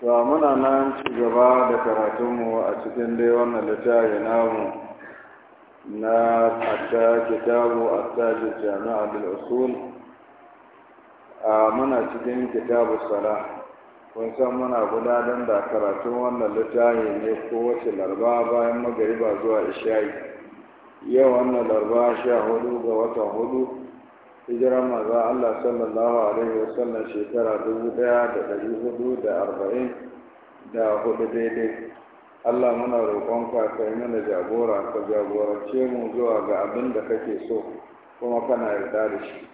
ta muna nan ci gaba da karatunmu a cikin dai wannan littafi namu na hatta kitabu tajin jami'a bil usul a muna cikin kitabu sala kun san muna gudanar da karatun wannan littafi ne kowace larba bayan magariba zuwa isha'i yau wannan larba sha hudu ga watan hudu hijirar maza Allah sallallahu alaihi wasallam shekara dubu da hudu da arba'in da hudu daidai Allah muna roƙon ka kai mana jagora ka jagorance mu zuwa ga abin da kake so kuma kana yarda da shi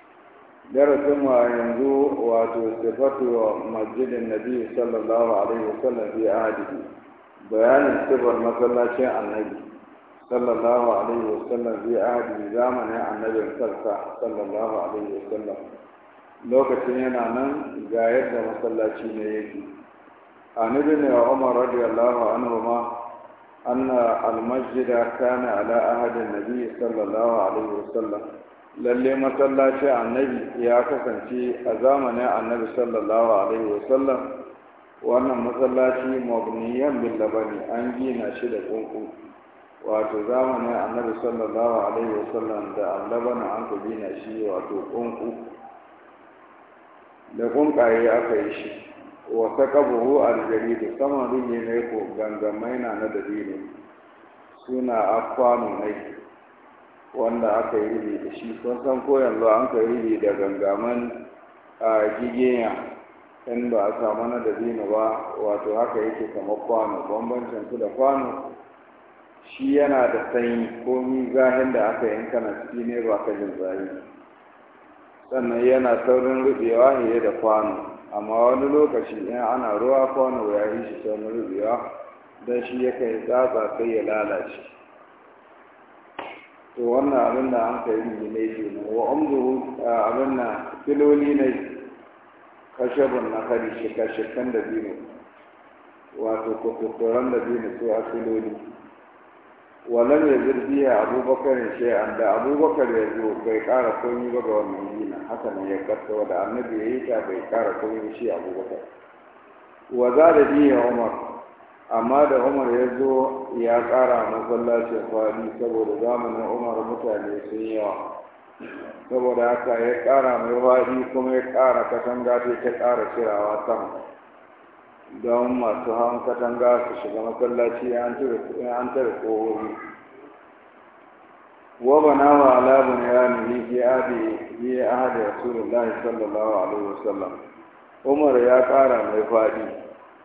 darasin mu a yanzu wato sifatu masjidin nabi sallallahu alaihi wasallam fi ahadihi bayanin sifar masallacin annabi sallallahu alaihi wa wasallam zai ahadi zamanin annabin sarsa sallallahu alaihi wa wasallam lokacin yana nan ga yadda masallaci ne yake ne ibn umar radiyallahu anhu ma anna al-masjid kana ala ahadi nabi sallallahu alaihi wa wasallam lalle masallaci annabi ya kasance a zamanin annabi sallallahu alaihi wa wasallam wannan masallaci mabniyan bil labani an gina shi da kunku wato zamanin annabi sallallahu alaihi wasallam da allabana an ku gina shi wato ƙunƙu da kunkaye aka yi shi wa saqabuhu da saman dinne ne ko gangamai na na dabino suna akwano ne wanda aka yi ribi da shi kun san ko yanzu an ka ribi da gangaman a gigiya in ba a samu na dabino ba wato haka yake kamar kwano bambancin su da kwano shi yana da sanyi komi zahin da aka yi kana ciki ne ba ka jin zahi sannan yana saurin rubewa fiye da kwano amma wani lokaci in ana ruwa kwano ya yi shi saurin rubewa don shi ya yi tsatsa sai ya lalace to wannan abin da an kai yi ne shi ne wa amdu abin na filoli ne kashabun na kari shika shikan da biyu wato kokokoran da biyu su a filoli walam ya zirbi ya abubakar shay'an da abubakar ya zo bai kara komi ba ga wannan gina haka ne ya kasa da annabi ya yi ta bai kara komi ba shi abubakar wa za da biya umar amma da umar ya zo ya kara masallacin fadi saboda zamanin umar mutane sun yawa saboda haka ya kara mai fadi kuma ya kara katanga ta kara shirawa sama don masu hawan katanga su shiga masallaci an tare ƙohohi wa bana wa ala bunyani bi abi bi ahadi rasulullahi sallallahu alaihi wasallam umar ya ƙara mai faɗi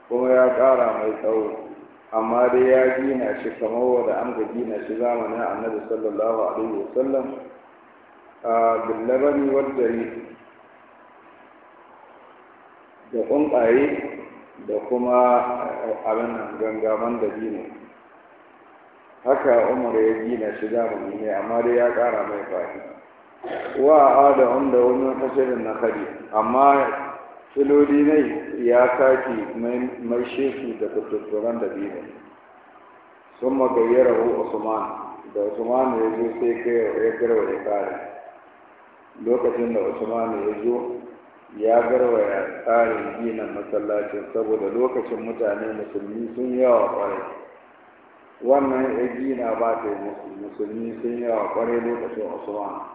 kuma ya ƙara mai tsawo amma dai ya gina shi kamar wanda an ga gina shi zamanin annabi sallallahu alaihi wasallam a billabani wadda da kunkaye. da kuma eh, abin nan gangaman da dini haka umar ya gina shi zamani ne amma dai ya kara mai fadi wa da wanda wani kashirin na kari amma filodi ne ya saki mai shesu da kututturan da dini sun magayyara usman da usman ya zo sai kai ya kira ya kare lokacin da usman ya zo ya ya tsarin gina masallacin saboda lokacin mutane musulmi sun yawa kwarai wannan ya gina ba ta musulmi sun yawa kwarai lokacin usman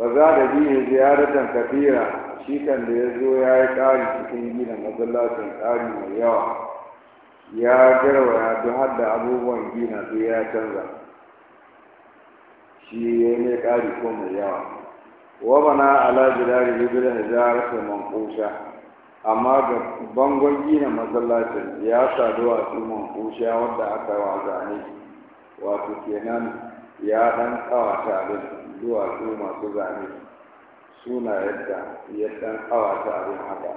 Ba za da biyu ziyaratan kafira shi kan da ya zo ya yi ƙari cikin gina masallacin tsari mai yawa ya garwaya duk har da abubuwan gina sai ya canza shi ya yi mai ƙari ko mai yawa wabana ala jidari bil hijarati manqusha amma ga bangon na masallacin ya sadu a su manqusha wanda aka wa zane wato kenan ya dan kawata abin zuwa su masu zane suna yadda ya dan kawata abin haka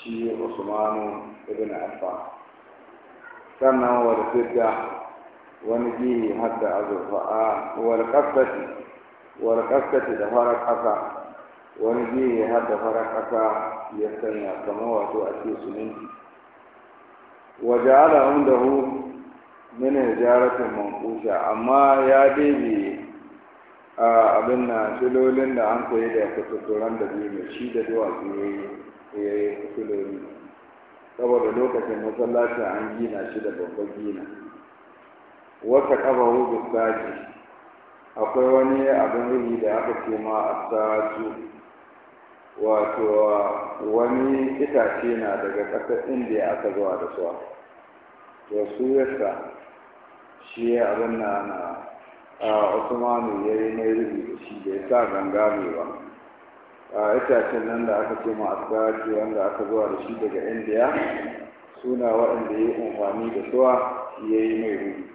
shi usmanu ibn affan sannan wa da wani gini hadda azurfa a wal wani kaskace da fara ƙasa wani biyu ya haɗa fara ƙasa ya sanya kama wato a ce suminti waje ala hu, min hijaratin mankusha amma ya dabe a abin na filolin da an koyi da kututturan da biyu shi da duwatsu ya yi filoli saboda lokacin masallaci an gina shi da babban gina wata ƙafa hudu saji akwai wani abin ruhi da aka ce ma a sa'atu wato wani itace na daga ƙasar indiya aka zuwa da suwa to su yasa shi abin na na a usmanu ya yi mai rubi da shi bai sa ganga mai ba a itacen nan da aka ce ma a sa'atu wanda aka zuwa da shi daga indiya suna waɗanda ya yi amfani da suwa ya yi mai rubi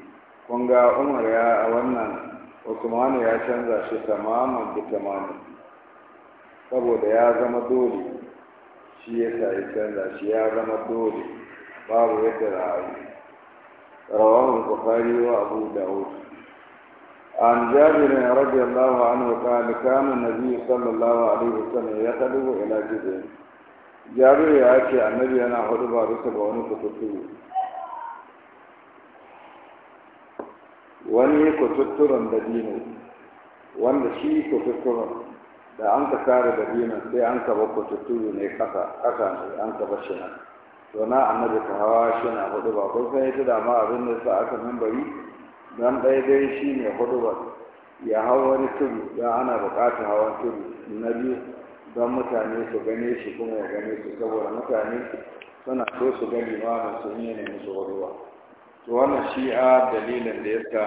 kun ga umar ya a wannan usmanu ya canza shi "Tamamin da tamamin saboda ya zama dole shi ya sa ya canza shi ya zama dole babu yadda za a yi rawahul bukhari wa abu dawud عن جابر رضي الله عنه قال كان النبي صلى الله عليه وسلم يخدم إلى جبل جابر يأتي النبي أنا خطبة رسل ونفق الطيور wani kututturen dabino wanda shi kututturan da an ka kare dabino sai an ka ba kututturu ne kasa kasa ne an ka ba shi nan to na annabi ka hawa shi na hudu ba sai ta da dama abin da sa aka mimbari dan ɗaya dai shi ne hudu ba ya hau wani tudu don ana buƙatar hawan tudu na biyu don mutane su gane shi kuma ya gane su saboda mutane suna so su gani ma su yi ne musu hudu ba to wannan shi'a dalilin da yasa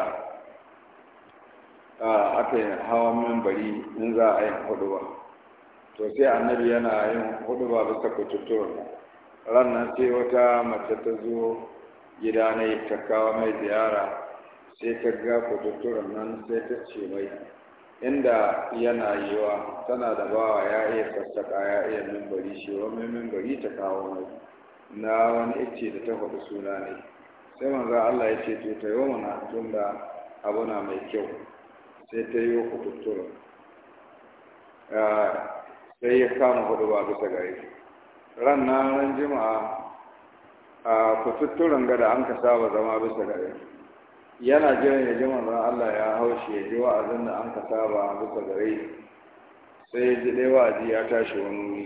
aka yi hawa membari in za a yi huduba to sai annabi yana yin huduba bisa kututtuwa rannan sai wata mace ta zo gida ne ta kawo mai ziyara sai ta ga kututtuwan nan sai ta ce mai inda yana yiwa tana da bawa ya iya sassaka ya iya mimbari shi wa mimbari ta kawo mai na wani ice da ta faɗi suna ne sai manzan Allah ya ce to ta yi mana tun da abu na mai kyau sai ta yi wa kututtura sai ya kama hudu ba bisa gare ran na ran jima'a a kututturan gada an ka saba zama bisa gare yana jiran ya ji manzon Allah ya haushi ya ji wa'azin da an ka saba bisa gare sai ji dai wa'azi ya tashi wani wuri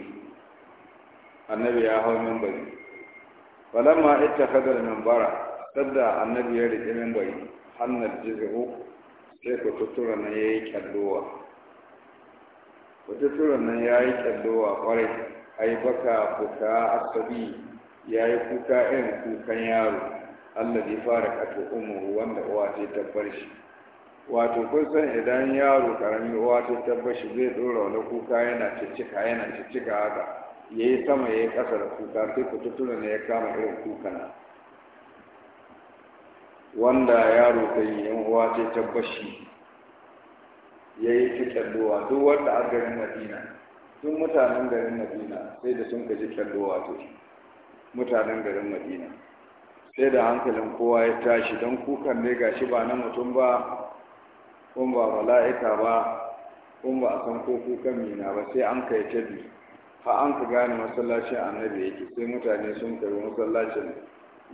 annabi ya hau minbari falamma ittakhadha al-minbara sadda annabi ya riƙe mimbari hannar jizihu sai ku tuttura nan ya yi kyallowa ku tuttura nan ya yi kyallowa ƙwarai ai baka kuka asabi ya yi kuka irin kukan yaro allah bai fara kato umu wanda uwa ta tabbar shi wato kun san idan yaro karami uwa ta tabbar shi zai ɗora wani kuka yana cicika yana cicika haka ya yi sama ya yi ƙasa da kuka sai ku tuttura ne ya kama irin na wanda yaro ta yi yan uwa ce tabbashi ya yi ta kyalluwa duk wanda a garin madina duk mutanen garin madina sai da sun gaji kyalluwa to mutanen garin madina sai da hankalin kowa ya tashi don kukan ne gashi ba na mutum ba kun ba mala'ika ba kun ba a san ko kukan mina ba sai an kai ta biyu har an ka gane masallacin annabi yake sai mutane sun karbi masallacin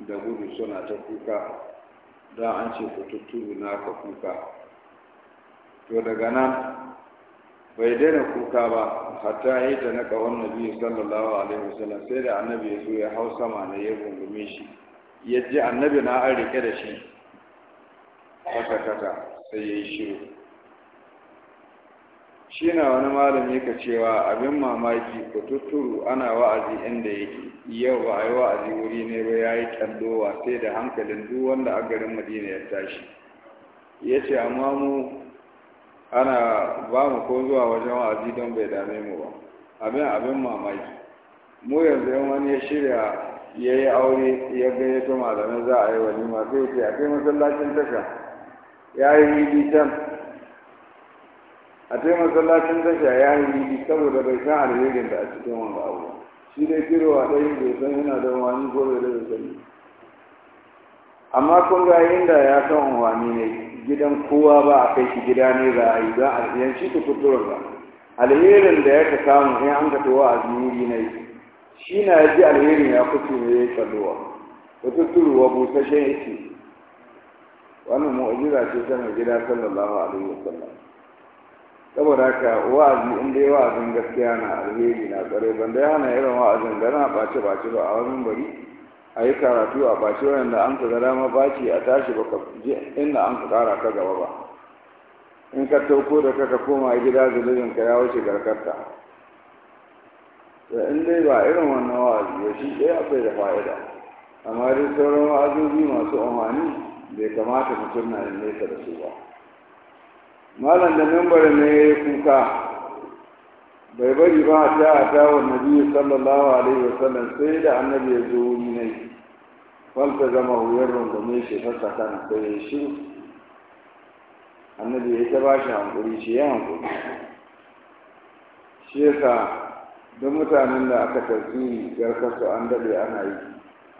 da gudu suna ta kuka Da an ce ku na ka kuka to daga nan bai daina kuka ba hatta yi ta na kawon nabi sallallahu alaihi wasallam sai da annabi ya so ya hau sama na ya gungume shi ya ji annabi na an rike da shi kata kata sai ya yi shiru shi na wani malami ka cewa abin mamaki ku tuturu ana wa'azi inda yake yau ba a wa'azi wuri ne ba ya yi kyallowa sai da hankalin duk wanda a garin madina ya tashi ya ce amma mu ana ba mu ko zuwa wajen wa'azi don bai dame mu ba abin abin mamaki mu yanzu yan wani ya shirya ya yi aure ya gayyato malamai za a yi walima sai ce a kai masallacin tasha ya yi can a ta masallacin tasha ya yi saboda bai san alherin da a cikin wanga abu shi dai kirowa ɗaya bai san yana da wani ko bai da sani amma kun ga inda ya san wani ne gidan kowa ba a kai shi gida ne za a yi za a shi ku kuturar ba alherin da ya ka samu sai an ka towa a zuri ne shi na ya ji alherin ya kuce ne ya kalluwa wata turuwa busasshen yake wannan mu'ajira ce ta mai gida sallallahu alaihi wasallam saboda haka wa'azi in dai wa'azin gaskiya na alheri na tsare ban dai hana irin wa'azin da na ɓace ɓace ba a wani bari a yi karatu a ɓace da an ka gara ma ɓaci a tashi ba ka je inda an ka ƙara ka gaba ba in ka tauko da kaka koma gida zunubin ka ya wuce garkarta to in dai ba irin wannan wa'azi ba shi ɗaya akwai da fa'ida amma dai sauran wa'azobi masu amfani bai kamata mutum na nesa da su ba malam da mimbar ne ya yi kuka bai bari ba a ta a tawon nabi sallallahu alaihi wa sallam, sai da annabi ya zo wuri ne falta zama wuyar rungume shi fasa kan sai ya shi annabi ya ta ba shi hankuri shi ya hankuri shi yasa duk mutanen da aka tasiri garkasu an daɗe ana yi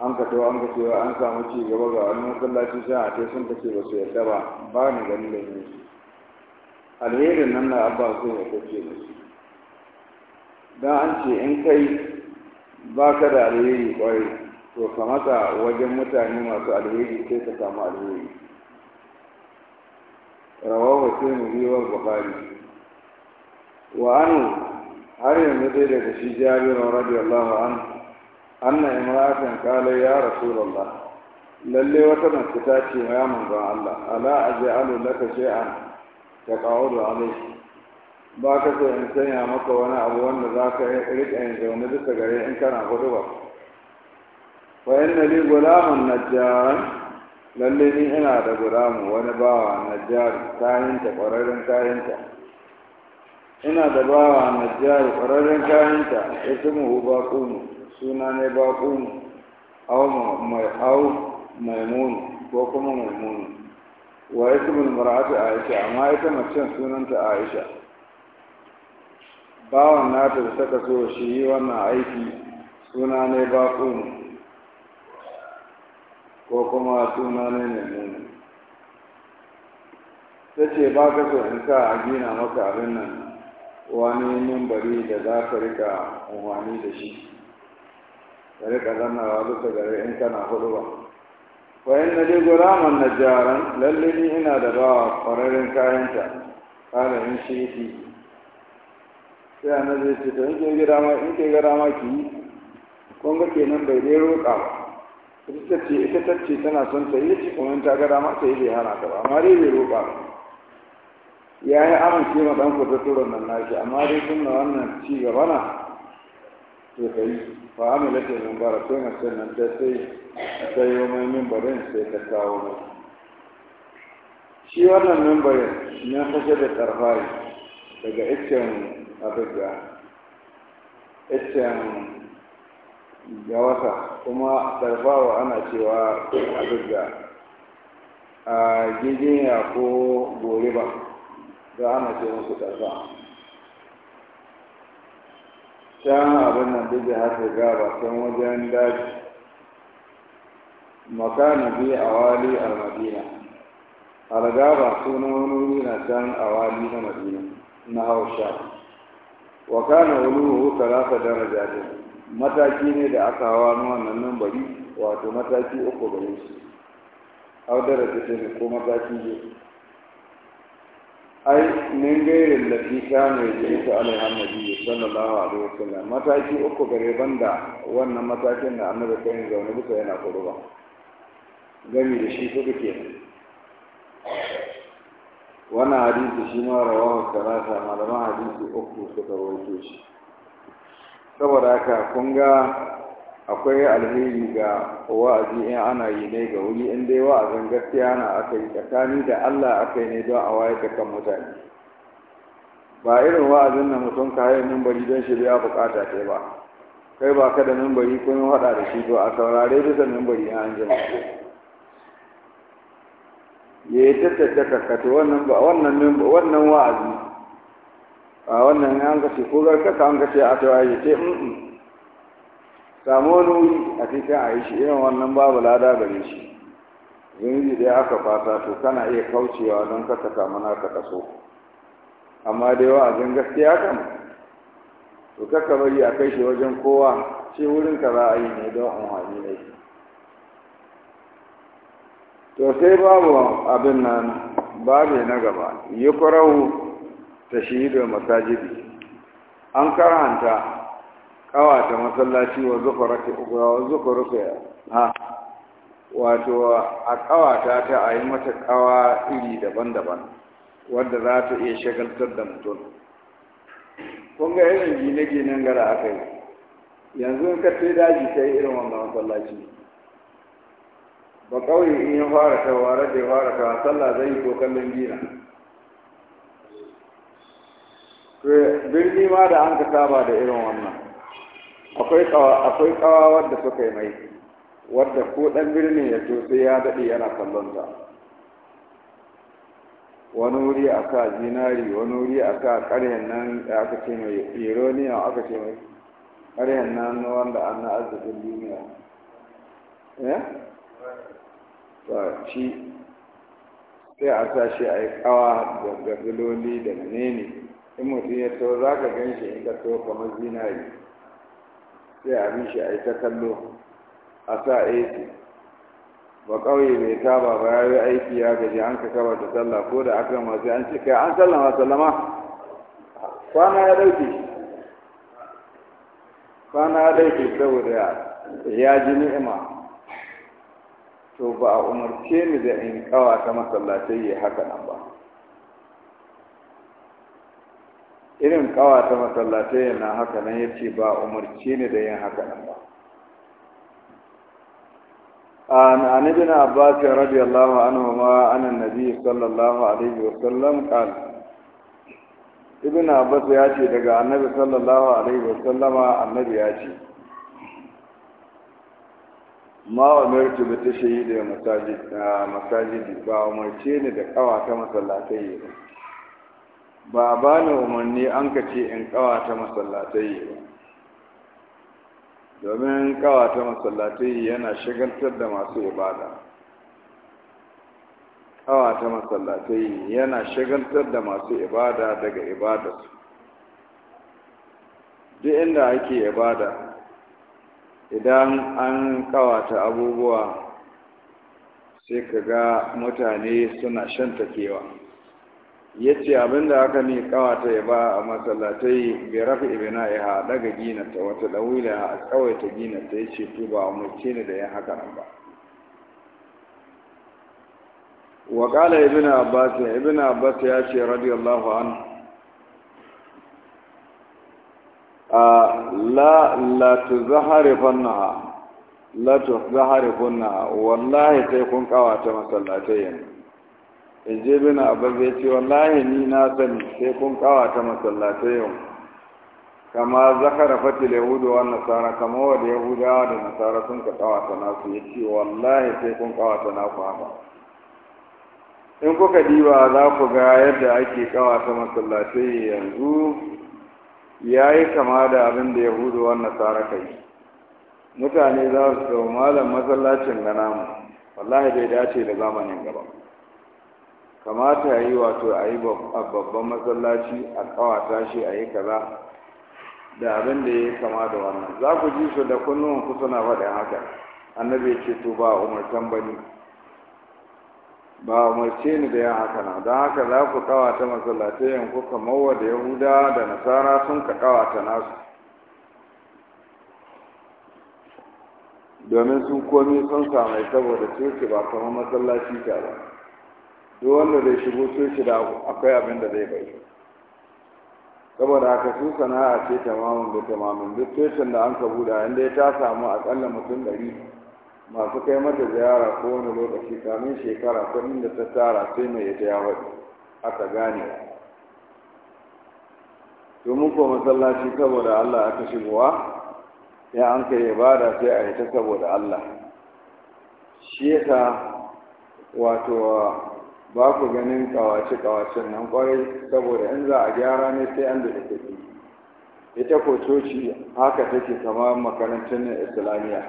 an ka to an ka cewa an samu ci gaba ga wani masallaci sai a ce sun kace ba su yarda ba ba ni ganin da ne alherin nan na abba so ya kace da shi don an ce in kai ba ka da alheri kwarai to kamata wajen mutane masu alheri sai ka samu alheri rawawa sai mu riwar bukari wa anu har yanzu dai daga shi jabiru radiyallahu anhu anna imra'atan qala ya rasulullah lalle wata mace ta ce ya manzon Allah ala aj'alu laka shay'an ta kawo da alai ba ka so in sanya maka wani abu wanda za ka rika yin zaune duka gare in kana hudu ba wa inna li gulamun najjar lalle ni ina da gulamu wani bawa najjar kayanta kwararren kayanta ina da bawa najjar kwararren kayanta ismuhu baqum suna ne baqum aw mai aw maimun ko kuma maimun wa ismul mar'atu aisha amma ita mace sunanta aisha bawan nata da saka so shi yi wannan aiki suna ne baƙo ko kuma suna ne ne ta ce ba ka so in sa a gina maka abin nan wani mimbari da za ka rika umarni da shi ka rika zannawa duka gare in kana hudu ba wa inna li gulaman najjaran lalle ni ina da ba kwararren kayanta kada in shi sai nazi ce to in ke gida ma in ke gida ma ki kun ga kenan bai dai roƙa ba ita ce ita tacce tana son ta yi ci kuma ta gada ma ta yi bai hana ta ba amma dai bai roƙa ba ya yi amince ma ɗan turon nan shi. amma dai tun wannan ci gaba na sai ka yi fa amilata mimbara sai mace nan ta sai ta yi mai mimbarin sai ta kawo mai shi wannan mimbarin na fashe da tsarfari daga iccen abuja iccen jawasa kuma tsarfawa ana cewa abuja a gigiya ko goriba za ana ce musu tsarfawa can abin nan duk da haka gaba can wajen daji makana bi a wali a madina algaba sunan wani wuri na can a wali na madina na hausha wa kana wuluhu talata daraja ne mataki ne da aka hawa na wannan nan bari wato mataki uku gare shi au daraja ne ko mataki ne ai nin gairin da fi kano ya ce da alhamdi sallallahu alaihi wasallam mataki uku gare banda wannan matakin da annabi kai zaune bisa yana ba. gami da shi su ke wannan hadisi shi ma wa karata, malaman hadisi uku suka rawaito shi saboda haka kun ga akwai alheri ga wa'azi in ana yi ne ga wuri in dai wa'azin gaskiya na aka yi tsakani da Allah aka yi ne don a wayar da kan mutane ba irin wa'azin na mutum ka yi mimbari don shi biya bukata ce ba kai ba ka da mimbari kun hada da shi to a saurare bisa mimbari ya an jima ya yi tattace karkata wannan ba wannan wannan wa'azi a wannan an kashe ko garkata an kashe a tawaye ce samu wani wuri a cikin a yi shi irin wannan babu lada gare shi zunubi dai aka fata to kana iya kaucewa don ka samu naka kaso amma dai yawa a gaskiya kan to kaka bari a kai shi wajen kowa ce wurin ka za a yi ne don amfani ne to sai babu abin nan babu na gaba yi kwarau ta shahidu masajidi an karanta kawata masallaci wa zukurka ha wato a kawata ta a yi mata kawa iri daban-daban wadda za ta iya shagaltar da mutum kun ga irin gine-ginen gara aka yi yanzu ka sai daji ta yi irin wannan masallaci ba kawai in ya fara kawa rage fara ta sallah zai yi ko kallon gina birni ma da an ka saba da irin wannan akwai kawa akwai kawa wanda suka yi mai wanda ko dan birnin ya to sai ya dade yana kallon ta wani wuri a sa zinari wani wuri a sa ƙarhen nan da aka ce mai ironiya aka ce mai ƙarhen nan wanda an na arzikin duniya eh shi sai a sa shi a yi kawa da gabiloli da menene in mutum ya to za ka gan shi in ka to kamar zinari sai a bi shi a yi ta kallo a sa ac ba kauye mai taba ba ya yi aiki ya gaji an ka kaba ta sallah ko da aka ma sai an ce kai an sallama sallama kwana ya ɗauke kwana ya dauke saboda ya ji ni'ima to ba a umarce ni da in ƙawa ta masallatai ya haka nan ba irin kawa ta masallatai yana haka nan ya ce ba umarci ne da yin haka nan ba عن ابن عباس رضي الله عنهما عن النبي صلى الله عليه وسلم قال ibn abbas ya ce daga annabi sallallahu alaihi wasallama annabi ya ce ma umirtu bi tashhid masajid masajidi ba umarci ne da kawa ta masallatai yana. ba ba ni umarni an ka ce in kawata masallatai ba domin kawata masallatai yana shigantar da masu ibada kawata masallatai yana shigantar da masu ibada daga ibadarsu duk inda ake ibada idan an kawata abubuwa sai ka ga mutane suna shan takewa ya ce abin da aka ne kawata ya ba a masallatai bai rafi ibina ya haɗa daga ginata wata ɗawila a ta ginata ya ce tuba a mace ne da ya haka nan ba wa ƙala ibina abbas ibina abbas ya ce radiyallahu an a la la tu zaharifanna la tu wallahi sai kun kawata masallatai yanzu je bin abu ya ce wallahi ni na sani sai kun kawata masallatai yau kama zakara fatil yahudu wa nasara kama wadda yahudawa da nasara sun ka ta nasu ya ce wallahi sai kun kawata naku haka in kuka diba za ku ga yadda ake ta masallatai yanzu ya yi kama da abin da yahudu wa nasara kai mutane za su malam masallacin gana mu wallahi bai dace da zamanin gaba kamata ya yi wato a yi babban masallaci a kawata shi a yi kaza da abin da ya kama da wannan za ku ji su da kunnuwan ku suna faɗin haka annabi ce to ba umar bani ba umarce ni da yin haka na don haka za ku kawata masallatai ku kamar wadda yahuda da nasara sun ka kawata nasu domin sun komi sun samai saboda coci ba kamar masallaci ta ba duk wanda zai shigo coci da akwai abin da zai bai saboda haka su sana'a ce tamamin da tamamin duk cocin da an ka buɗa inda ta samu akalla mutum ɗari masu kai mata ziyara ko wani lokaci kamin shekara kuɗin da ta tara sai mai ta ya aka gane to mun ko masallaci saboda Allah aka shigowa ya an kai ibada sai a ta saboda Allah shi yasa wato ba ku ganin kawace-kawacen nan kwarai saboda in za a gyara ne sai an da kuɗi ita ko coci haka take kama makarantar na islamiyya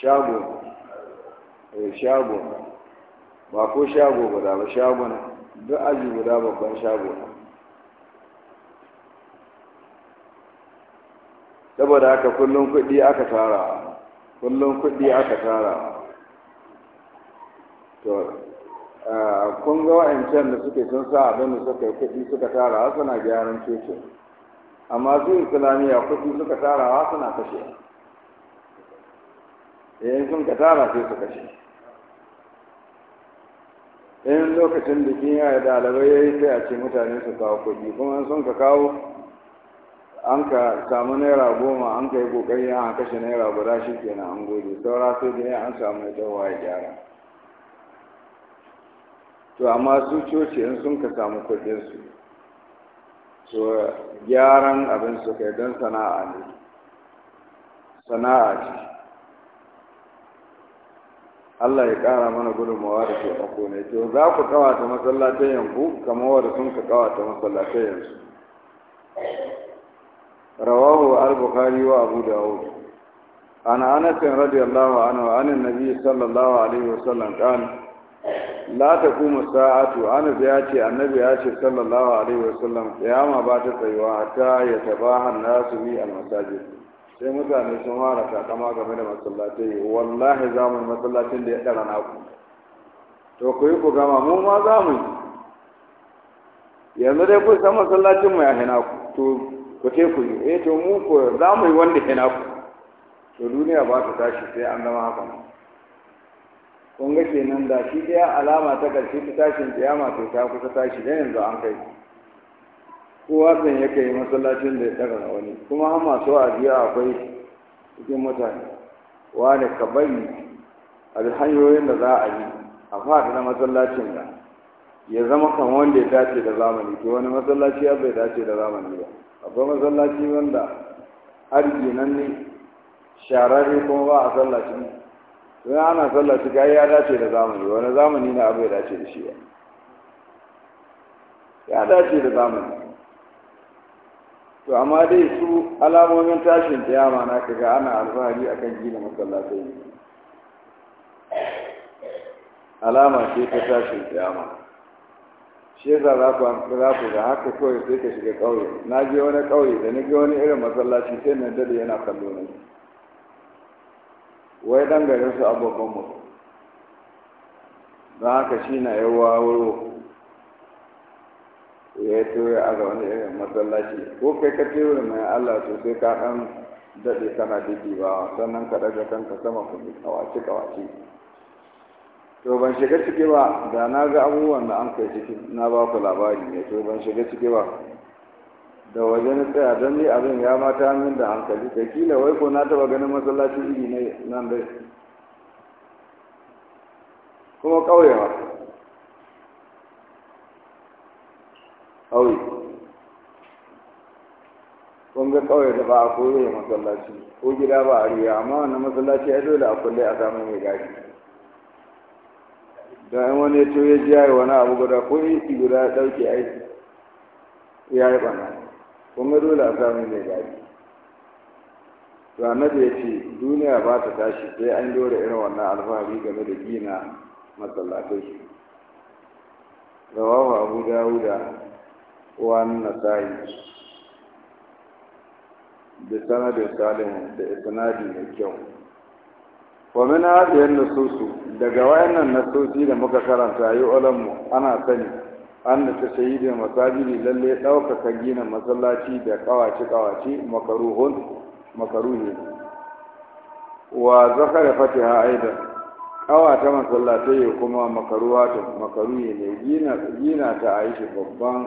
shago eh, shago ba ko shago guda ba shagon duk aji guda babban shago na saboda haka kullum kuɗi aka tara kullum kuɗi aka tara to kun ga wa'ancan da suke sun sa abin da suka yi kuɗi suka tara suna gyaran coci amma su islamiyya kuɗi suka tara suna kashe yayin eh, sun ka tara sai su kashe in lokacin da bikin yaya dalibai ya yi sai a ce mutane su kawo kuɗi kuma in sun ka kawo an ka samu naira goma an ka yi ƙoƙari an kashe naira guda shi kenan an gode saura sai dai an samu ya tawa ya gyara to amma su coci in sun ka samu kuɗinsu to gyaran abin su kai don sana'a ne sana'a ce Allah ya ƙara mana gudunmawa da ke mako ne to za ku kawata masallatai yanku kamar wadda sun ka kawata masallatai yanzu rawahu al-bukhari wa abu dawud ana anas radiyallahu anhu an nabi sallallahu alaihi wasallam qala la ta kuma sa'atu ana ya ce annabi ya ce sallallahu alaihi wasallam kiyama ba ta tsayuwa hatta ya tabaha nasu bi almasajid sai mutane sun fara takama game da masallatai wallahi za mu masallacin da ya dara ku to ku yi ku gama mu ma za mu yi yanzu dai ku san masallacin mu ya hina ku to ku ce ku yi eh to mu ku za mu yi wanda hina ku to duniya ba ta tashi sai an zama haka kun ga kenan da shi ɗaya alama ta ƙarfi ta tashin kiyama to ta kusa tashi da yanzu an kai kowa zan ya kai masallacin da ya na wani kuma an masu ajiya akwai cikin mutane wani ka bari a hanyoyin da za a yi a faɗi na masallacin da ya zama kan wanda ya dace da zamani to wani masallaci ya bai dace da zamani ba akwai masallaci wanda arziki nan ne shararre kuma ba a sallaci sai ana sallah shi ga ya dace da zamani wani zamani na abu ya dace da shi ba ya dace da zamani to amma dai su alamomin tashin kiyama na kaga ana alfahari akan gina masallatai alama ce ta tashin kiyama shi yasa za ku za ku ga haka kawai sai ka shiga ƙauye na je wani ƙauye da na ga wani irin masallaci sai na dade yana kallo na wai dan garin su abubuwan mu don haka shi na yawa wuro ya yi tura a ga wani irin masallaci ko kai ka tura mai allah sosai ka ɗan daɗe kana diki ba sannan ka ɗaga kanka sama ku bi kawace kawace to ban shiga ciki ba da na ga abubuwan da an kai ciki na ba ku labari ne to ban shiga ciki ba da waje na tsaya don ni abin ya mata min da hankali da kila wai ko na taba ganin masallaci iri ne nan dai kuma ƙauyewa Kauye. kun ga ƙauye da ba a koyo masallaci ko gida ba a riya amma wannan masallaci ya dole a kulle a samun mai gashi da yan wani ya ce ya ji yayi wani abu guda ko isi guda ya ɗauke aiki ya yi bana? kuma dole a samu mai gadi to annabi ya ce duniya ba ta tashi sai an dora irin wannan alfahari game da gina masallatai rawahu abu dawuda wa nasa'i da sanadin salim da isnadi mai kyau wa min hadhihi an daga wayannan nasosi da muka karanta yi ulamu ana sani an da ta sayi da masajidi lalle ɗaukaka gina masallaci da kawace-kawace makaruhun makaruhi wa zakara fatiha aidan kawata masallatai kuma ta? makaruhi ne gina ta a yi shi babban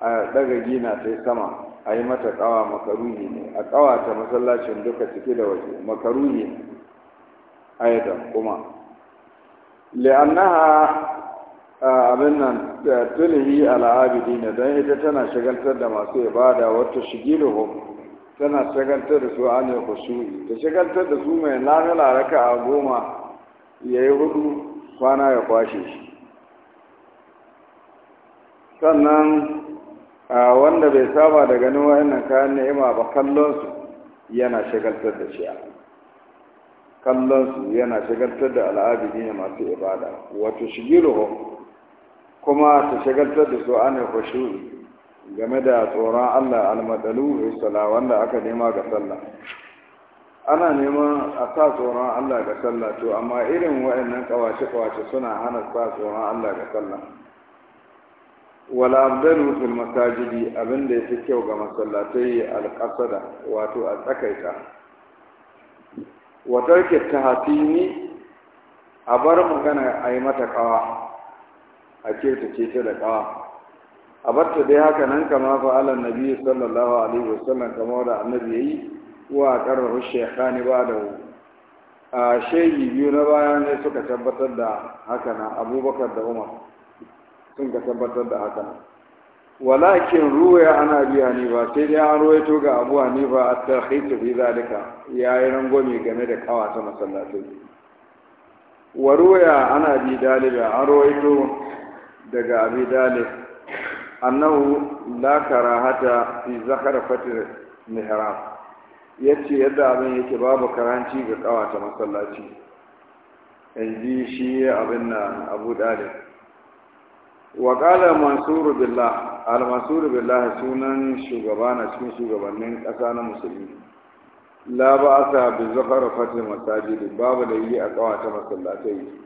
a daga gina ta sama a yi mata kawa makaruhi ne a ƙawata masallacin duka cike da waje makaruhi aidan kuma li'annaha abin nan tulhi al'abidi ne don ita tana shagaltar da masu ibada wata shigilu tana shagaltar da su an yi kusu ta shagaltar da su mai lamila raka a goma ya yi hudu kwana ya kwashe shi sannan wanda bai saba da ganin wa'annan kayan ni'ima ba kallon su yana shagaltar da shi kallon su yana shagaltar da al'abidi ne masu ibada wato shigilu kuma ta shagaltar da su ana khushu'i game da tsoron Allah al almadalu sala wanda aka nema ga sallah ana neman a sa tsoron Allah ga sallah to amma irin waɗannan kawace-kawace suna hana sa tsoron Allah ga sallah wala abdalu fil masajidi abinda yafi kyau ga masallatai alqasada wato a tsakaita wa tarki tahatimi a bar magana a yi mata kawa a ce ta da kawa. a batta dai haka nan kama fa'alan nabi sallallahu alaihi wasallam kama da annabi yayi wa qarrahu shaykhani ba'dahu a shehi biyu na baya ne suka tabbatar da haka na abubakar da umar sun ka tabbatar da haka nan walakin ruwaya ana biya ne ba sai dai an ruwaito ga abu ba a tarhitu fi zalika yayi rangwame game da kawa ta masallatai wa ruwaya ana bi dalibi an ruwaito daga abi dalib annahu la karahata fi zakar fatir mihrab yace yadda abin yake babu karanci ga kawata masallaci yanzu shi abin na abu dalib wa qala mansur billah al mansur billah sunan shugabana cikin shugabannin ƙasa na musulmi la ba'asa bi zakar fatir masajid babu da yi a kawata masallatai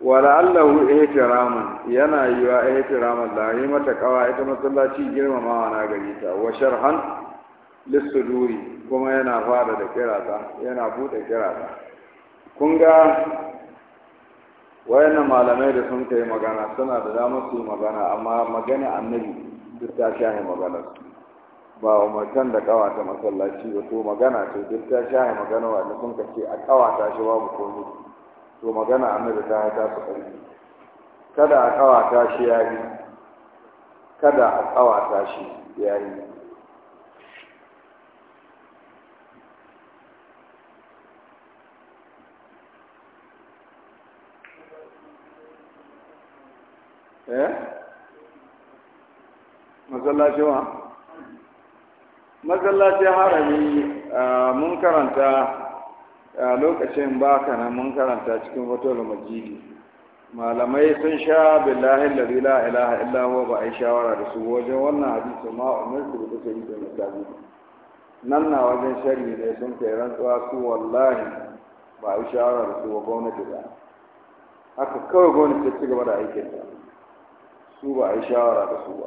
wala allahu ihtiraman yana yiwa ihtiraman da yi mata kawa ita masallaci girmamawa na gari ta wa sharhan lissuduri kuma yana fara da kirata yana bude kirata kun ga wayannan malamai da sun kai magana suna da damar su magana amma magana annabi duk ta shahi magana ba umartan da ta masallaci ba to magana ce duk ta shahi magana wanda sun kace a kawata shi babu komai to magana annabi ta ta su ƙarfi kada a ƙawata shi yayi kada a ƙawata shi yayi eh masallaci wa masallaci harami eh, mun karanta a lokacin ba ka nan mun karanta cikin wato majidi malamai sun sha billahi lalzi la ilaha illa huwa ba a yi shawara da su wajen wannan hadisi ma su da kuka yi da misali nan na wajen sharhi ne sun kai rantsuwa su wallahi ba a yi shawara da su wa gwamnati ba haka kawai gwamnati ta ci gaba da aikinta su ba a yi shawara da su ba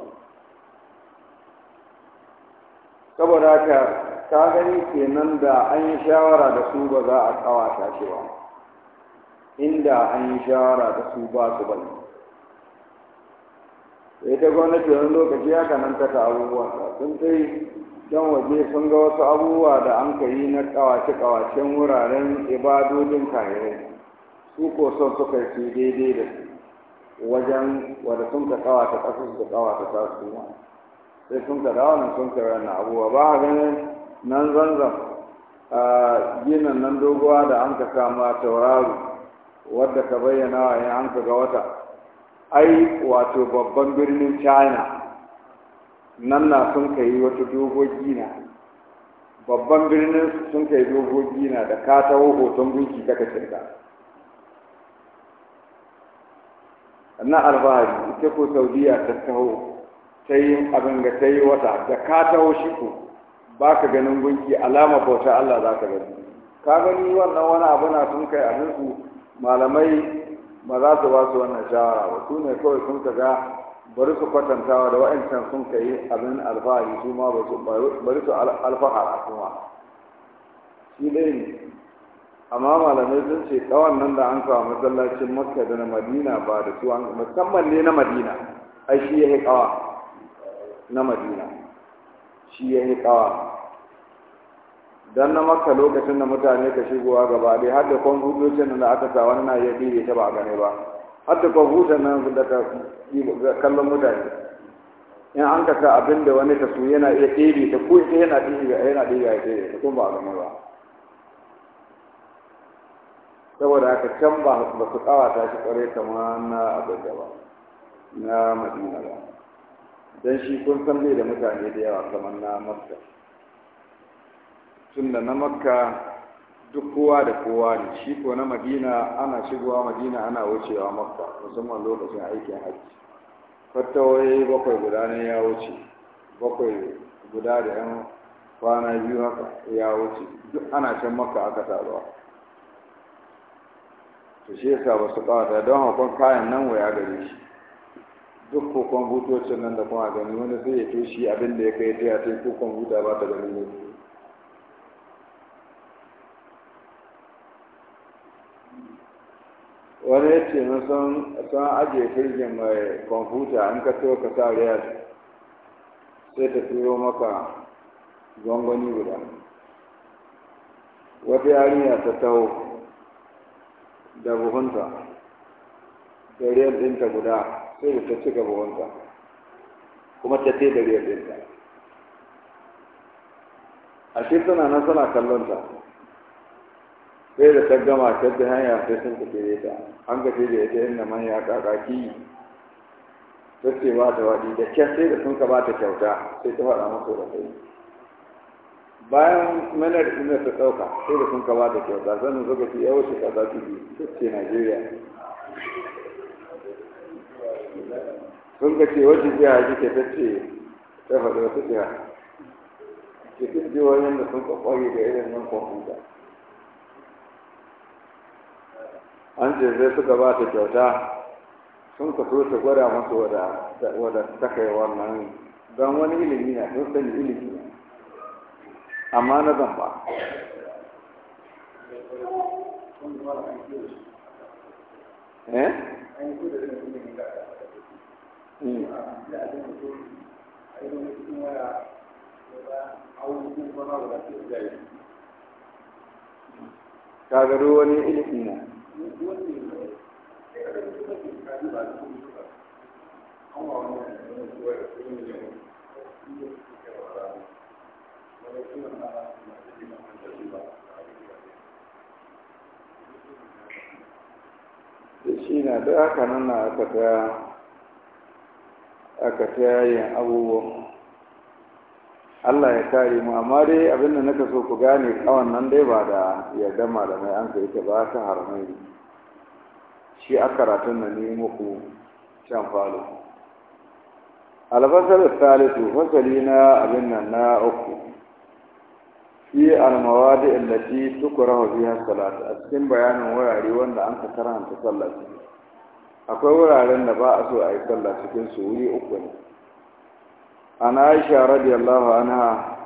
saboda haka ka gani kenan da an yi shawara da su ba za a kawata shi ba inda an yi shawara da su ba su bane ta gwamnati wani lokaci ya kananta ta abubuwan ta sun kai don waje sun ga wasu abubuwa da an ka yi na kawace-kawacen wuraren ibadodin kahirai su ko son suka yi daidai da su wajen wadda sun ka kawata ƙasa su kawata ta su sai sun ka dawo sun ka rana abubuwa ba a ganin nan zanzan a ginin nan doguwa da an ka kama tauraro wadda ka bayyana wa yin an ka ga wata ai wato babban birnin china nan na sun ka yi wata dogogi na babban birnin sun yi dogogi na da ka taho hoton gunki kaka shirka na alfahari ita ko saudiya ta taho ta yi abin ga ta yi wata da ka taho shi ko ba ka ganin gunki alama bauta Allah za ka gani ka gani wannan wani abu na sun kai abin su malamai ba za su ba su wannan shawara ba su ne kawai sun ka ga bari su kwatantawa da wa'ancan sun kai abin alfahari su ma bari su alfahara kuma shi dai ne amma malamai sun ce kawan nan da an kawo masallacin makka da na madina ba da su musamman ne na madina ai shi ya kawa na madina shi ya yi kawa don na maka lokacin da mutane ka shigowa gaba dai har da kwamfutocin da aka sa wani na iya bibe ta ba gane ba har da kwamfutan nan da ka kallon mutane in an ka sa abin da wani ka su yana iya ɗebe ta ko ita yana ɗebe yana ɗebe ya ɗebe ta kuma ba gane ba saboda haka can ba su kawata shi kware kamar na abin da ba na madina ba don shi kun san bai da mutane da yawa kamar na makka tunda na makka duk kowa da kowa ne shi ko na madina ana shigowa madina ana wucewa makka musamman lokacin aikin hajji Fattawaye bakwai guda ne ya wuce bakwai guda da yan kwana biyu haka ya wuce duk ana can makka aka taruwa to shi yasa ba su kawata don hakon kayan nan waya gare shi duk ko kwamfutocin nan da kuma gani wani sai ya toshi abin da ya kai ta ya tai kwamfuta ba ta gani ne wani ya ce na san san ajiye firgin mai kwamfuta an ka to ka sa riyal sai ta turo maka gwangwani guda wata yarinya ta taho da buhunta da riyal ɗinta guda sai ta ci gaba wanka kuma ta ce da riyar ɗinta a shi tana nan suna kallon ta sai da ta gama ta ta hanya sai sun ta da ta an ce da ita inda da manya kakaki ta ce ba ta waɗi da kyan sai da sun ka ba ta kyauta sai ta faɗa masu da kai bayan manar ina ta ɗauka sai da sun ka ba ta kyauta zanen zuga ta yawon shekara ta biyu ta ce najeriya sun ka ce wata jiha kike ta ce ta faɗi wata jiha ke duk jihohin da sun kwakwari da irin nan kwakwuta an ce zai suka ba ta kyauta sun ka so ta gwada masu wada ta kai wannan don wani ilimi na sun sani ilimi na amma na zamba eh? ka gado wani ilimi na shi na haka nan na aka ta aka ta yayin abubuwan Allah ya kare mu amma dai abin da naka so ku gane kawan nan dai ba da yarda malamai an ka yake ba ta haramai shi a karatun na ne muku can falo albasar salisu fasali na abin nan na uku fi almawadi illaci tukura hafi hasalata a cikin bayanin wurare wanda an ka karanta sallah akwai wuraren da ba a so a yi sallah cikin su wuri uku ne ana aisha radiyallahu anha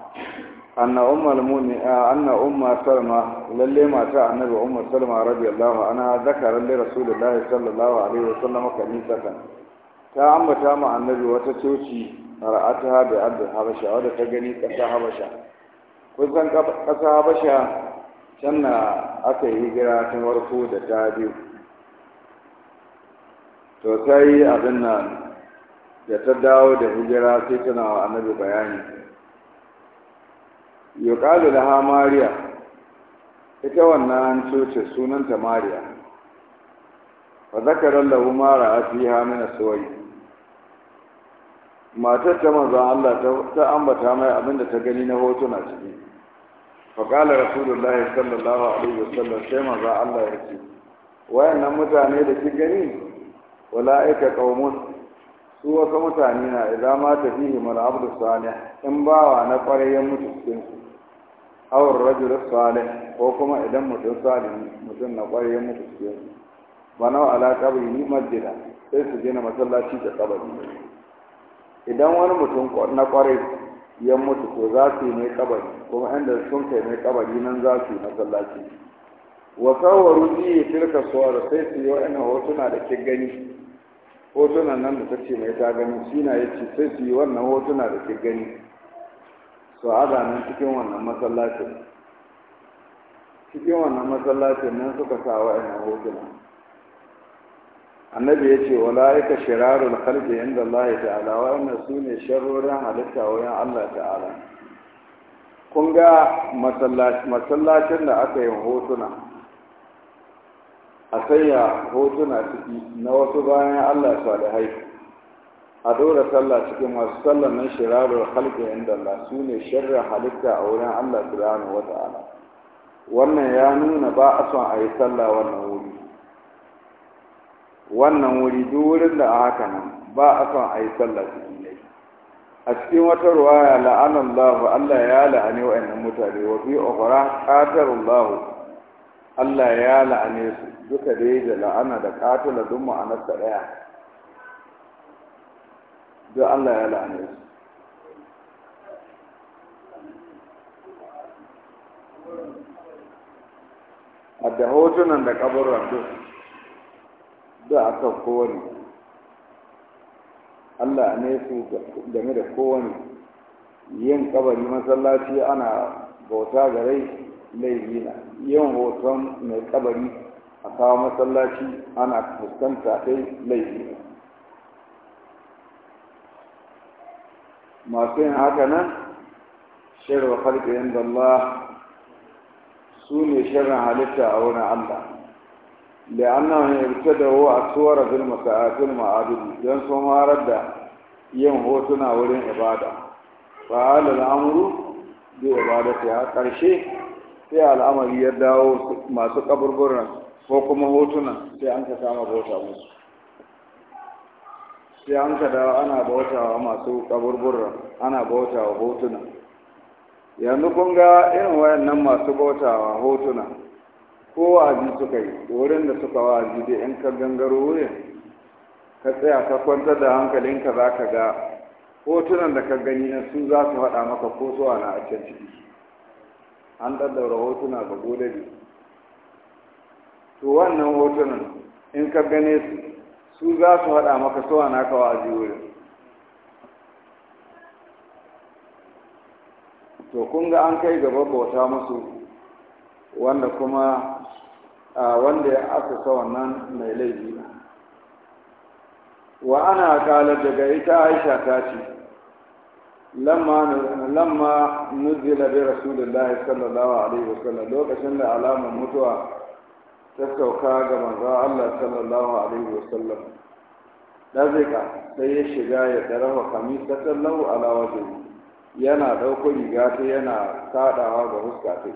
anna ummul mu'min anna umma salma lalle mata annabi ummu salma radiyallahu anha zakaran li rasulillahi sallallahu alaihi sallam kanisatan ta ambata ma annabi wata coci ra'ataha bi abd habasha wadda ta gani kasa habasha kusan kasa habasha can aka yi gira ta warko da ta biyu to sai abin nan da ta dawo da hijira sai tana wa annabi bayani yuqalu da mariya ita wannan coci sunanta mariya fa zakara lahu ma ra'a fiha min aswari matar ta manzon Allah ta ambata mai abinda ta gani na hotuna ciki faƙalar qala rasulullahi sallallahu alaihi wasallam sai manzon Allah ya ce wayannan mutane da ki gani wala'ika qaumun su wasu mutane na idan ma ta fi mal abdu salih in bawa na kwarai ya mutu cikin su aw rajul salih ko kuma idan mutum salihi mutum na kwarayen ya mutu cikin su alaƙa ala kabri ni masjida sai su gina masallaci da kabari idan wani mutum na kwarayen ya mutu to za su yi mai kabari kuma inda sun kai mai kabari nan za su yi masallaci wa sawaru fi tilka suwar sai su yi wa'annan hotuna da ke gani hotunan nan da ta ce mai ta gani shi na yace sai su yi wannan hotuna da ke gani su aza nan cikin wannan masallacin cikin wannan masallacin nan suka sa wa'annan hotuna annabi ya ce wala yaka shirarul khalqi inda Allah ta'ala wa'annan su ne sharrorin halitta wurin Allah ta'ala kun ga masallacin da aka yi hotuna a sanya hotuna ciki na wasu bayan Allah salihai a dora sallah cikin masu sallar nan shirarar halka inda Allah su ne shirin halitta a wurin Allah subhanahu wa ta'ala wannan ya nuna ba a son a yi sallah wannan wuri wannan wuri duk wurin da aka haka nan ba a son a yi sallah ciki ne a cikin wata ruwaya la'anallahu Allah ya la'ani wa'annan mutane wa fi ukhra qatarallahu Allah ya la'ane su duka dai da la'ana da katula duk ma'anarsa ɗaya duk Allah ya la'ane su a da hotunan da kaburan duk duk a kan kowane Allah ne su game da kowane yin kabari masallaci ana bauta ga rai laihina yin hoton mai kabari a kawo masallaci ana fuskanta laifi laihina masu yin haka nan shirin harka yin Allah su ne shirin halitta a wurin Allah la'annan yarda da wa a tsuwar filmasa'afin ma'adudi don sun harar da yin hotuna wurin ibada fa'alar amuru zai ibada ta ƙarshe sai al'amari ya dawo masu kaburburan ko kuma hotuna sai an ka kama bauta musu sai an ka dawo ana bautawa masu kaburburan ana bautawa hotuna yanzu kun ga irin nan masu bautawa hotuna ko wa'azi suka yi wurin da suka wa'azi da yan ka gangaro wurin ka tsaya ka kwantar da hankalinka za ka ga hotunan da ka gani na su za su haɗa maka ko zuwa na a can ciki an ɗaɗɗaura hotuna ga godari to wannan hotunan in ka gane su su za su haɗa maka sowa na kawo a wurin to kun ga an kai gaba bauta musu wanda kuma wanda ya asusa wannan mai laifi wa ana kalar daga ita aisha ta ce lamma nuzila bi rasulillahi sallallahu alaihi wa sallam, lokacin da alamar mutuwa ta sauka ga manzo Allah sallallahu alaihi wa sallam. dazika sai ya shiga ya darafa kamisatan sallahu ala wajhi yana ɗauko riga ta yana kaɗawa ga huska ta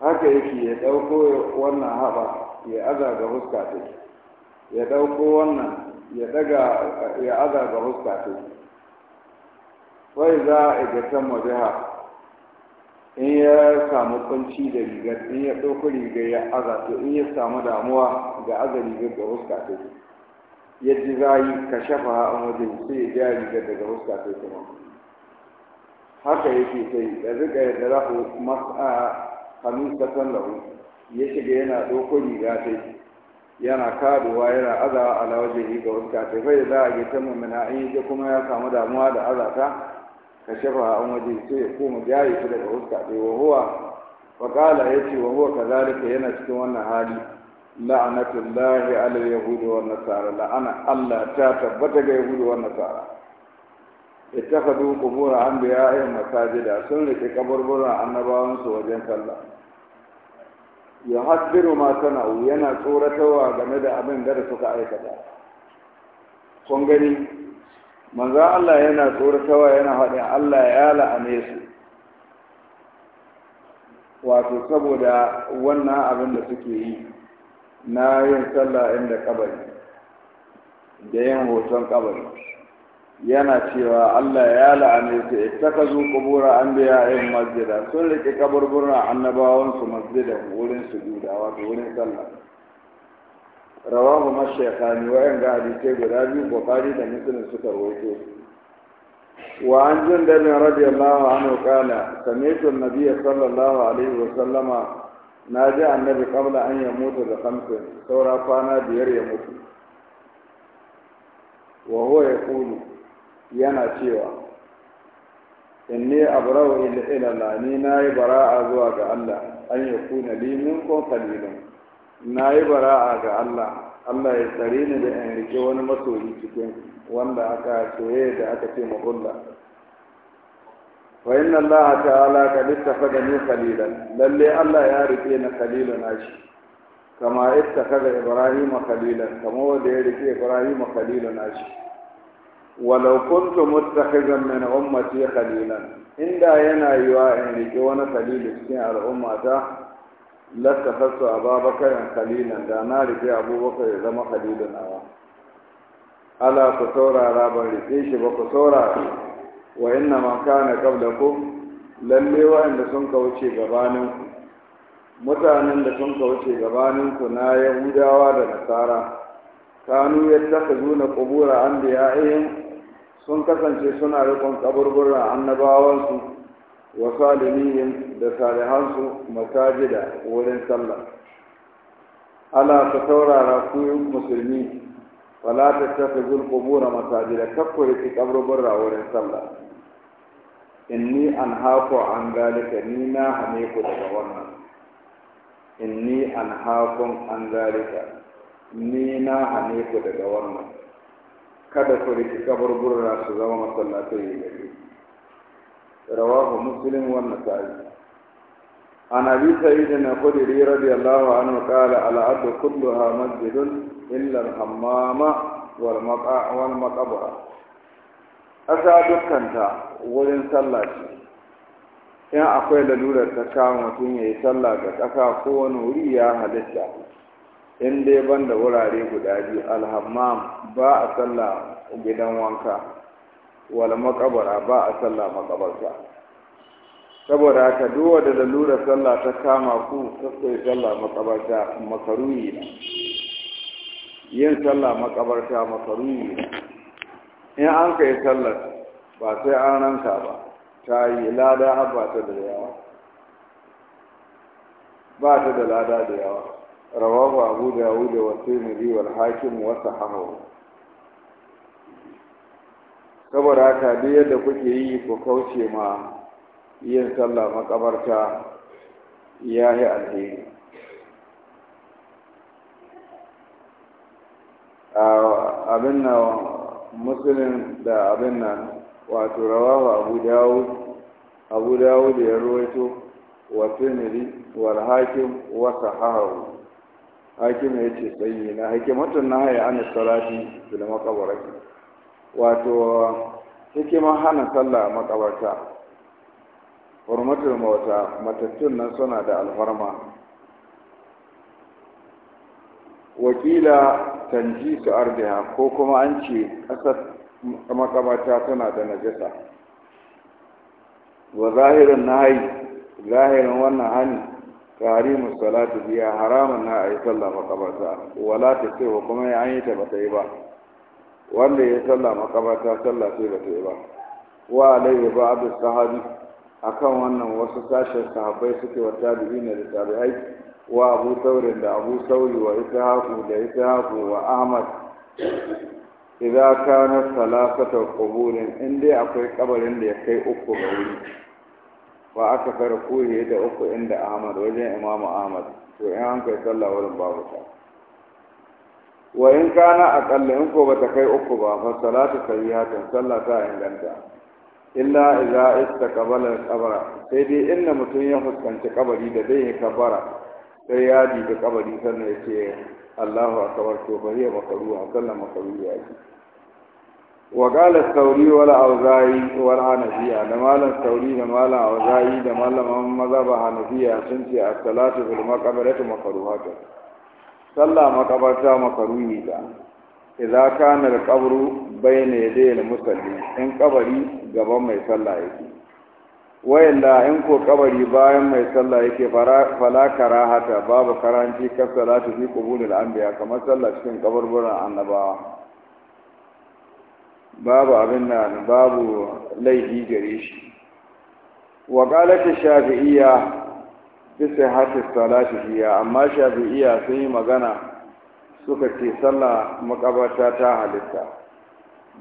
haka yake ya ɗauko wannan haɓa ya aza ga huska ta ya dauko wannan ya daga ya aza ga huska ta wai za a igatan mabiha in ya samu kunci da rigar in ya ɗauki rigar ya aza to in ya samu damuwa ga aza rigar ga huska ta ya ji yi ka shafa a waje sai ya ja rigar daga huska ta kuma haka yake sai da zika ya zara mas'a hannun satan lahu ya shiga yana ɗauko rigar ta yana kaduwa yana aza ala wajen ga huska ta bai za a gita mummuna in ya kuma ya samu damuwa da azata ka shafa an waje sai ya koma jaye daga huska ɗai wa huwa faƙala ya ce wa huwa yana cikin wannan hali la'anatullahi ala yahudi wa nasara la'ana Allah ta tabbata ga yahudi wa nasara ittakhadu qubur anbiya'ihim masajida sun rike kaburburan annabawan su wajen sallah ya haddiru ma sana'u yana tsoratarwa game da abin da suka aikata kun gani manzan Allah yana tsoratawa yana haɗin Allah ya la'ane su wato saboda wannan abin da suke yi na yin sallah inda kabari da yin hoton kabari yana cewa Allah ya la'ane su ittakazu qubura yin masjida sun rike kaburburan annabawan su masjida wurin su sujuda wato wurin sallah rawahu mashaykhani wa yan ga hadisai guda biyu bukhari da muslim suka rawaito wa an jundab radiyallahu anhu qala sami'tu an-nabiy sallallahu alaihi wa sallama naji annabi qabla an yamutu da khamsin saura kwana biyar ya mutu wa huwa yaqulu yana cewa inni abra'u ila Allah nayi bara'a zuwa ga Allah an yakuna limin minkum kalilan? na yi bara'a ga Allah Allah ya tsari ni da in rike wani masoyi cikin wanda aka soye da aka ce mahulla wa inna Allah ta'ala ka littafa da ni khalilan lalle Allah ya rike na khalilan nashi. kama da Ibrahim khalilan kama wanda ya rike Ibrahim khalilan ashi walau kuntu muttakhizan min ummati khalilan inda yana yiwa in rike wani khalil cikin al'ummata lakka fasu a babakarin kalilan da na rike abubakar ya zama kalilin awa ala ku saurara ban rike shi ba ku saurara wa inna man kana ku? lalle wa'anda sun kauce gabanin ku mutanen da sun kauce gabanin ku na yahudawa da nasara kanu ya qubura anbiya'ihim sun kasance suna rikon kaburburan annabawansu wa salimiyin da salihansu masajida wurin sallah ala ta saurara ku musulmi wala ta tafi gulkubura masajida kakkuri ki kabruburra wurin sallah inni an an dalika ni na hane ku daga wannan inni an hakon an dalika ni na hane ku daga wannan kada ku riki kaburburra su zama masallatai gari رواه مسلم والنسائي عن أبي سعيد الخدري رضي الله عنه قال الأرض كلها مسجد إلا الحمام والمقع والمقبرة دكانتا ولن صلى in akwai lalurar ta kama mutum ya yi sallah ga ƙasa ko wani wuri ya halitta in dai ban da wurare guda biyu alhammam ba a sallah gidan wanka Wala makabara ba a sallah makabarta saboda haka duk wanda lalura sallah ta kama ku sai sallah makabarta makaruyi ne yin sallah makabarta makaruyi ne in an kai sallar ba sai an ranka ba ta yi lada abba ta da yawa ba ta da lada da yawa rawahu abu dawud wa tirmidhi wal hakim wa sahahu saboda haka duk yadda kuke yi ku kauce ma yin sallah makabarta ya yi alheri abin na musulun da abin nan wato rawahu abu dawud abu dawud ya ruwaito wa tirmidhi wal hakim wa sahahu hakim ya ce sayi na mutun na haya an salati da maqabarati wato hikimar hana sallah a makabarta hurmatul mawata matattun nan suna da alfarma wakila tanji su ardiya ko kuma an ce ƙasar makabarta tana da najasa wa zahirin na hai zahirin wannan hani harimu salatu biya haramun na a yi sallah makabarta wala ta ce wa kuma ya an yi ta ba ta yi ba wanda ya salla makabata salla sai ba ta yi ba wa alaihi ba'd sahabi akan wannan wasu sashen sahabbai suke wa tabi'in da tabi'ai wa abu saurin da abu sauri wa ishaku da ishaku wa ahmad idan kana salasata quburin in dai akwai kabarin da ya kai uku ga wuri ba aka fara koyi da uku inda ahmad wajen imamu ahmad to in an kai sallah wurin babu ta wa in kana aqalla in ko bata kai uku ba fa salatu sayyatan sallah ta inganta illa idza istaqbala al-qabra sai dai in mutun ya fuskanci kabari da zai kabara sai ya ji da kabari sannan ya ce Allahu akbar to bari ya makaru a sallah makaru ya yi wa qala sauri wal auza'i wal hanafiya da malam sauri da malam awzai da malaman mazhab hanafiya sun ce as-salatu bil maqbarati makruhatun sallah makabarta makaruni da idza kana al-qabru bayna yaday al-musalli in kabari gaban mai sallah yake wayanda in ko kabari bayan mai sallah yake fala karahata babu karanci ka salatu fi qubulil anbiya kamar sallah cikin kabarburan annabawa babu abin da babu laifi gare shi wa qalat ash-shafi'iyya sai hafiz talashi ya amma shafi'iya sun yi magana suka ce sallah makabarta ta halitta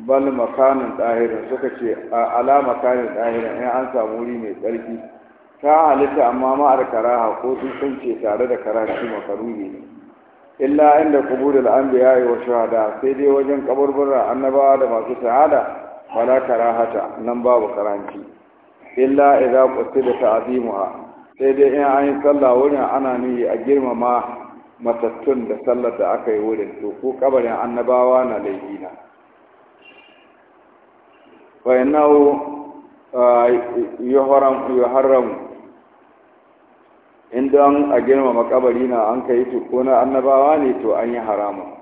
bal makanin ɗahirin suka ce ala makanin ɗahirin in an samu wuri mai tsarki ta halitta amma ma'ar karaha ko sun ce tare da karashi makaruni ne illa inda kuburul yi wa shuhada sai dai wajen kaburbura annabawa da masu shahada fala karahata nan babu karanci illa idza qutila ta'zimuha sai dai in an yi sallah wurin ana nuni a girmama matattun da sallar da aka yi wurin to ko kabarin annabawa na laihina wa innahu yuharam In don a girmama kabari na an kai yi tuko na annabawa ne to an yi haramun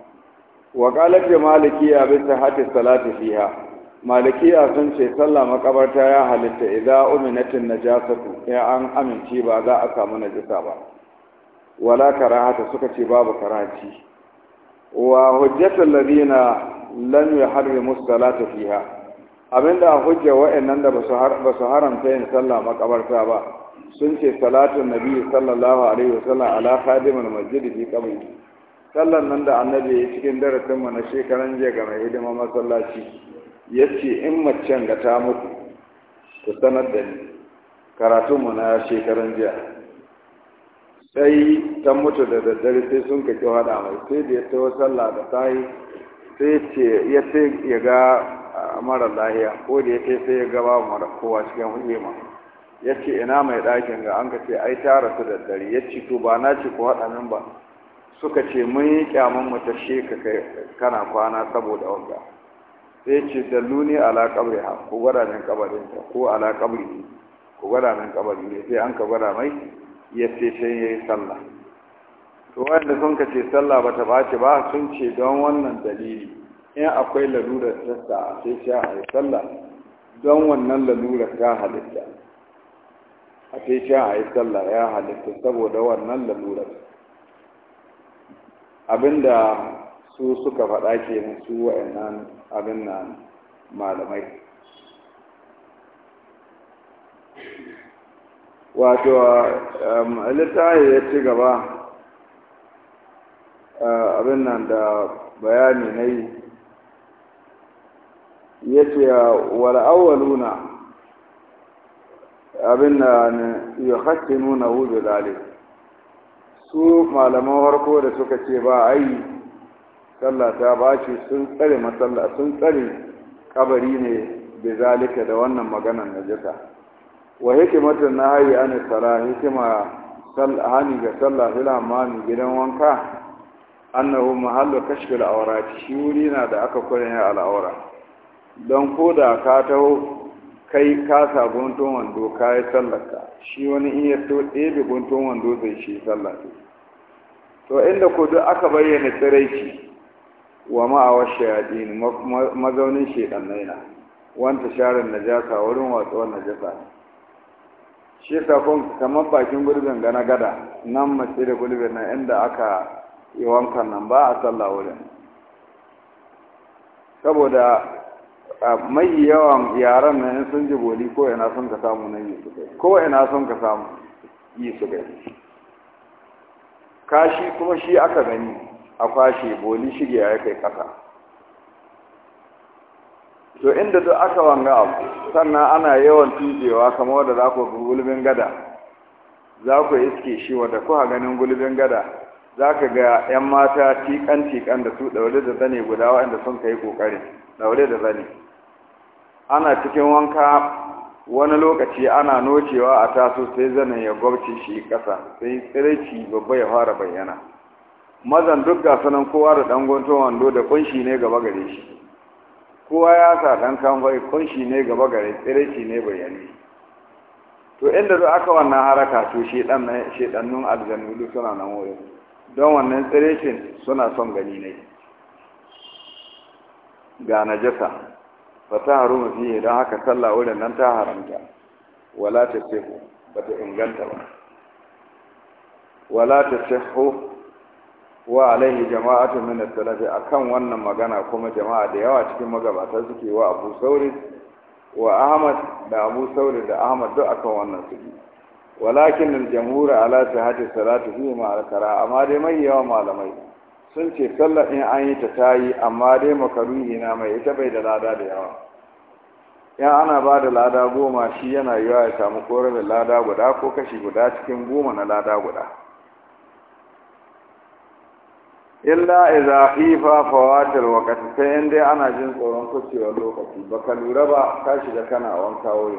wakalar qalat ya maliki ya bisa hati salati fiha malikiya sun ce sallah makabarta ya halitta idan uminatin najasatu ya an amince ba za a samu najasa ba wala karahata suka ce babu karaci wa hujjatul ladina lam yuharrimu salata fiha abinda hujja wa'annan da ba su haramta yin sallah makabarta ba sun ce salatun nabi sallallahu alaihi wasallam ala khadimul masjid fi qabri sallan nan da annabi cikin darasin mu na shekaran jiya ga mai hidima masallaci ya ce in macen ga ta mutu ku sanar da ni karatunmu na shekaran jiya sai ta mutu da daddare sai sun kake hada mai sai da ya wasu sallah da yi sai ce ya sai ya ga mara lahiya ko da ya sai ya gaba mara kowa cikin ma ya ce ina mai ɗakin ga an ka ce ai ta rasu daddare ya ce to ba na ce ku haɗa min ba suka ce mun yi kyamun mu ta sheka kana kwana saboda wanda sai ce dalluni ala kabri ha ko gwada nan kabarin ta ko ala kabri ko gwada nan kabari ne sai an ka gwada mai ya ce sai yi sallah to wanda sun ka ce sallah bata bace ba sun ce don wannan dalili in akwai lalurar sa sai sai a yi sallah don wannan lalurar ta halitta a sai sai a yi sallah ya halitta saboda wannan lalurar abinda su suka faɗa kenan su wa'annan abin nan malamai wato um, littafi ya ci gaba uh, abin nan da bayani na yi ya ce wal'awwaluna abin da ya hakki nuna su malaman harko da suka ce ba a yi sallah ta bace sun tsare masallah sun tsare kabari ne da zalika da wannan maganar najasa wa na nahyi an sala hikima hani ga sallah fil hammam gidan wanka annahu mahallu kashf al awrat shi wuri na da aka ne al awra don koda ka taho kai ka sa guntun wando ka yi ka shi wani in to ɗebe guntun wando zai shi sallah to inda ko duk aka bayyana tsiraici wa ma'awar shayadin mazaunin shaiɗannai na wanta sharin najasa wurin watsuwar najasa shi safon kamar bakin gurbin gana gada nan mace da gurbin na inda aka yi wankan nan ba a sallah wurin saboda mai yawan yaran nan in sun ji boli ko ina sun ka samu nan yi su ko ina sun ka samu yi su kai kashi kuma shi aka gani a kwashe boli shige ya kai ƙasa to inda duk aka wanga abu sannan ana yawan tujewa kamar da za ku gulbin gada za ku iske shi wadda kuka ganin gulbin gada za ka ga 'yan mata tikan-tikan da su ɗaure da zane guda waɗanda sun kai ƙoƙari ɗaure da zane ana cikin wanka wani lokaci ana nocewa a taso sai zanen ya gwabce shi ƙasa sai tsiraici babba ya fara bayyana mazan duk ga sanan kowa da ɗan wando da kunshi ne gaba gare shi kowa ya sa kan kamfai kunshi ne gaba gare tsiraici ne bayani to inda duk aka wannan haraka to shedannun aljannu suna nan wuri don wannan tsirecin suna son gani ne ga najasa ba ta haru fiye don haka sallah wurin nan ta haramta wala ta ba ta inganta ba wala ta wa alaihi jama'atu min as-salafi akan wannan magana kuma jama'a da yawa cikin magabata suke wa Abu Saurid wa Ahmad da Abu Saurid da Ahmad duk akan wannan suke walakin al-jamhur ala sahati salati fi ma al qara amma dai mai yawa malamai sun ce sallar in an yi ta tayi amma dai makaruhi na mai ita bai da lada da yawa yan ana ba da lada goma shi yana yawa ya samu korabin lada guda ko kashi guda cikin goma na lada guda illa idza khifa fawatil waqti sai in dai ana jin tsoron kucewar lokaci baka lura ba ka shiga kana wanka wai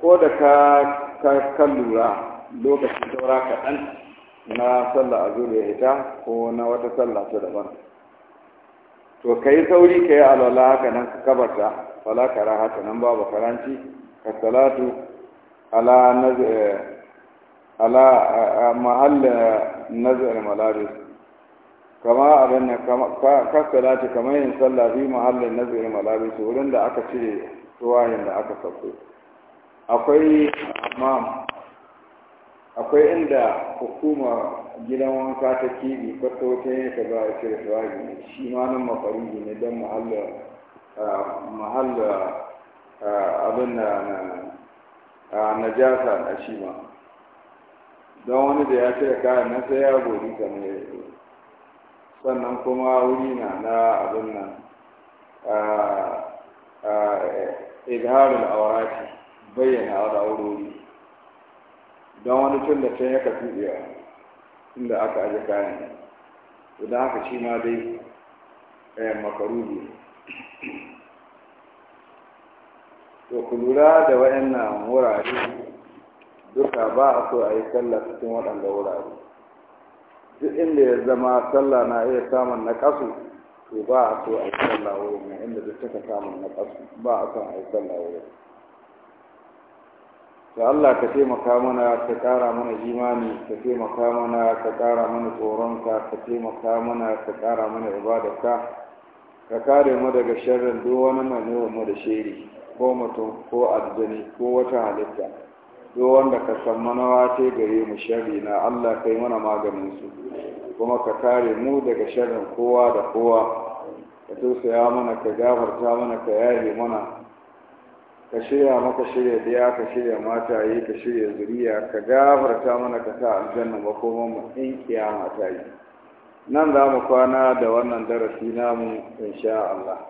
ko da ka ka lura lokaci saura kaɗan na sallah a ya ita ko na wata sallah ta daban to ka sauri ka yi alwala haka nan ka kabarta wala kara haka nan babu karanci ka salatu ala ala mahallin nazar malaris kama abin da nan kasalati kamar yin sallah bi mahallin nazari malabisu wurin da aka cire tuwahin da aka sauko akwai mam akwai inda hukuma gidan wanka ta kibi kwato ta yi ta ba a cire tuwahi ne shi ma nan mafariji ne don mahalla abin da na najasa na shi ma don wani da ya cire kayan nan sai ya godi kamar ya sannan kuma wuri na na abin nan izharul aurati bayyana wuri don wani tun da can yaka tuɗewa inda aka aje kayan idan haka shi ma dai eh, makarubi to ku lura da waɗannan wurare duka ba a so a yi sallah cikin waɗanda wurare duk inda ya zama sallah na iya samun na kasu to ba a so a yi sallah wurin nan inda duk take samun na kasu ba a son a yi sallah wurin to Allah ka taimaka mana ka ƙara mana imani ka taimaka mana ka ƙara mana tsoronka ka taimaka mana ka ƙara mana ibadarka ka kare mu daga sharrin duk wani mai mu da shiri ko mutum ko aljani ko wata halitta do wanda ka san manawa ce gare mu sharri na Allah kai mana maganin su kuma ka kare mu daga sharrin kowa da kowa ka tausaya mana ka gafarta mana ka yaye mana ka shirya maka shirya daya ka shirya mataye ka shirya zuriya ka gafarta mana ka sa aljanna makoman mu in kiyama ta yi nan za mu kwana da wannan darasi namu insha Allah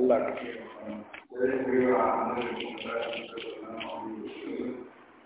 Allah ka da ya yi wa annabi sallallahu alaihi